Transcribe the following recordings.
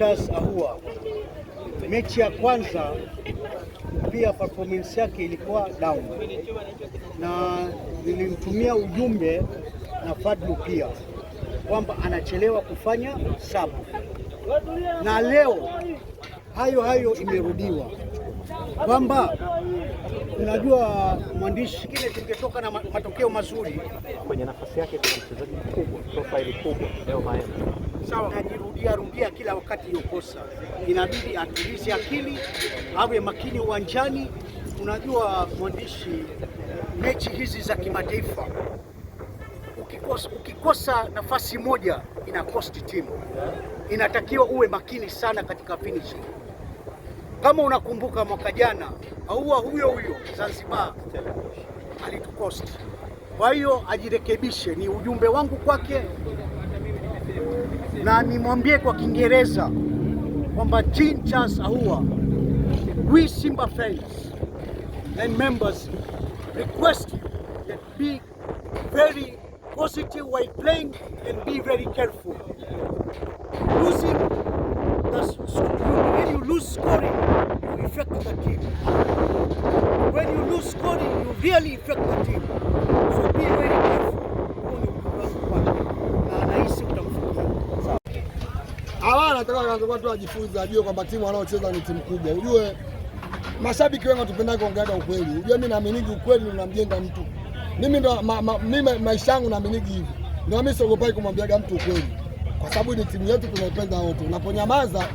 Charles Ahua. Mechi ya kwanza pia performance yake ilikuwa down, na nilimtumia ujumbe na Fadlu pia kwamba anachelewa kufanya sabu, na leo hayo hayo imerudiwa kwamba unajua mwandishi kile kingetoka na matokeo mazuri kwenye nafasi yake, kuna mchezaji mkubwa, profile kubwa leo maema anajirudia rudia kila wakati hiyo kosa. Inabidi atulize akili, awe makini uwanjani. Unajua mwandishi, mechi hizi za kimataifa ukikosa, ukikosa nafasi moja ina cost timu. Inatakiwa uwe makini sana katika finishing. Kama unakumbuka mwaka jana, aua huyo huyo Zanzibar alitukosti. Kwa hiyo ajirekebishe, ni ujumbe wangu kwake na nimwambie kwa Kiingereza kwamba Jean Charles Ahoua, we Simba fans and members request you that be very positive while playing and be very careful losing when you lose scoring you affect the team when you lose scoring you really affect the team nataka watu wajifunze, ajue kwamba timu wanaocheza ni timu kubwa. Ujue mashabiki wengi tupenda kuongeaga ukweli. Ujue mimi naaminigi ukweli unamjenga mtu. Mimi ndo ma, ma, mimi maisha yangu naaminigi hivi, ndio mimi siogopai kumwambiaga mtu ukweli, kwa sababu ni timu yetu tunaipenda wote. Unaponyamaza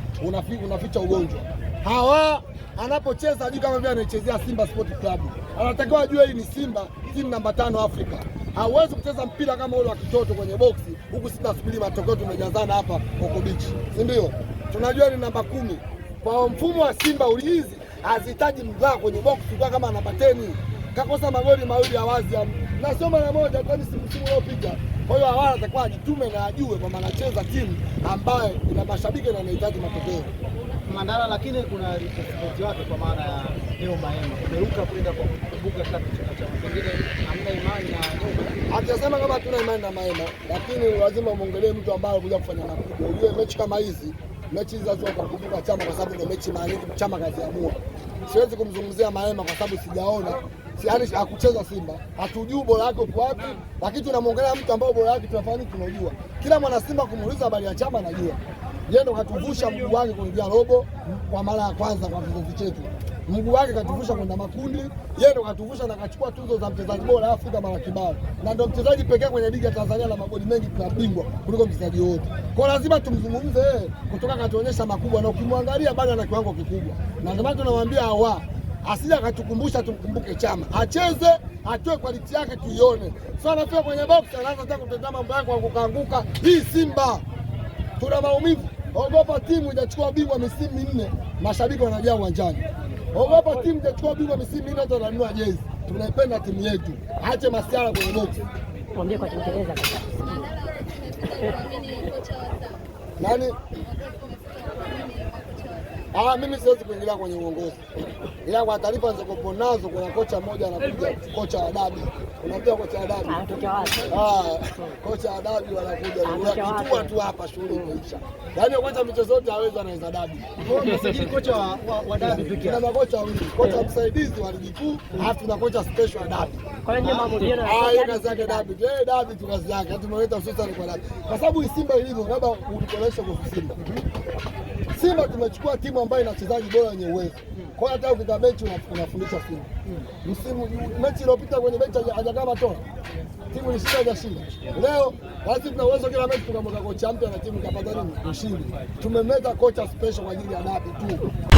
unaficha ugonjwa. Hawa anapocheza ajui kama vile anachezea Simba Sport Club anatakiwa ajue hii ni Simba, timu namba tano Afrika. Hawezi kucheza mpira kama ule wa kitoto kwenye boksi, huku sisi tunasubiri matokeo, tumejazana hapa huko bichi, si ndio? Tunajua ni namba kumi kwa mfumo wa Simba ulihizi hazihitaji mdhaa kwenye boksi kwa kama namba teni kakosa magoli mawili ya wazi na sio mara moja, kwani si msimu uliopita. Kwa hiyo awala atakuwa ajitume na ajue kwamba anacheza timu ambayo ina mashabiki na inahitaji matokeo Mandala, lakini kuna ripoti wake kwa maana ya leo Mahema umeruka kwenda kwa kukumbuka pengine hamna imani na atasema kama hatuna imani na maema, lakini lazima muongelee mtu ambaye alikuja kufanya makubwa. Ujue mechi kama hizi mechi hizi lazima kumkumbuka Chama kwa sababu ndio mechi maalum Chama kaziamua. Siwezi kumzungumzia maema kwa sababu sijaona yani hakucheza Simba, hatujui bora yake uko wapi, lakini tunamwongelea mtu ambaye bora yake tunafahamu, tunajua kila mwana Simba kumuuliza habari ya Chama anajua yeye ndo katuvusha mguu wake kuingia robo kwa mara ya kwanza kwa kizazi chetu mguu wake katuvusha kwenda makundi, yeye ndo katuvusha na kachukua tuzo za mchezaji bora Afrika mara kibao, na ndo mchezaji pekee kwenye ligi ya Tanzania na magoli mengi kwa bingwa kuliko mchezaji wote. Kwa lazima tumzungumze yeye eh, kutoka katuonyesha makubwa, na ukimwangalia bado ana kiwango kikubwa, na ndio maana tunamwambia hawa asija akatukumbusha, tumkumbuke Chama acheze atoe kwaliti yake tuione. So anatoa kwenye box anaanza tena kutenda mambo yake kwa kukaanguka. Hii Simba tuna maumivu, ogopa, timu hajachukua bingwa misimu minne, mashabiki wanajaa uwanjani. Ogopa timu itachukua bingwa misimu minne hata tunanunua jezi. Tunaipenda timu yetu. Ache masiara kwenye boksi. Mwambie kwa Kiingereza. Nani? Ah, mimi siwezi kuingilia kwenye uongozi, ila kwa taarifa nilizokuwa nazo, kuna kocha mmoja anakuja, kocha wa dabi. Unajua kocha wa dabi, Ah, kocha wa dabi wanakuja kitua tu hapa, shughuli imeisha. Yaani kocha michezo yote hawezi, anaweza dabi. Kocha wa dabi pekee, tuna makocha wawili, kocha msaidizi wa ligi kuu, alafu na kocha special wa dabi. Ah, kazi zake dabi, dabi tu kazi yake, tumeleta hususani kwa dabi, kwa sababu Simba ilivyo, labda ulikoresha kwa Simba Simba tumechukua timu ambayo ina wachezaji bora wenye uwezo. Kwa hiyo hata ukita mechi unafundisha Simba. Msimu mechi iliyopita kwenye mechi hajakaa Matola. Timu ilishinda Simba. Leo basi tuna uwezo kila mechi tukamwaga kocha mpya na timu kapata nini? Ushindi. Tumemleta kocha special kwa ajili ya dabi tu.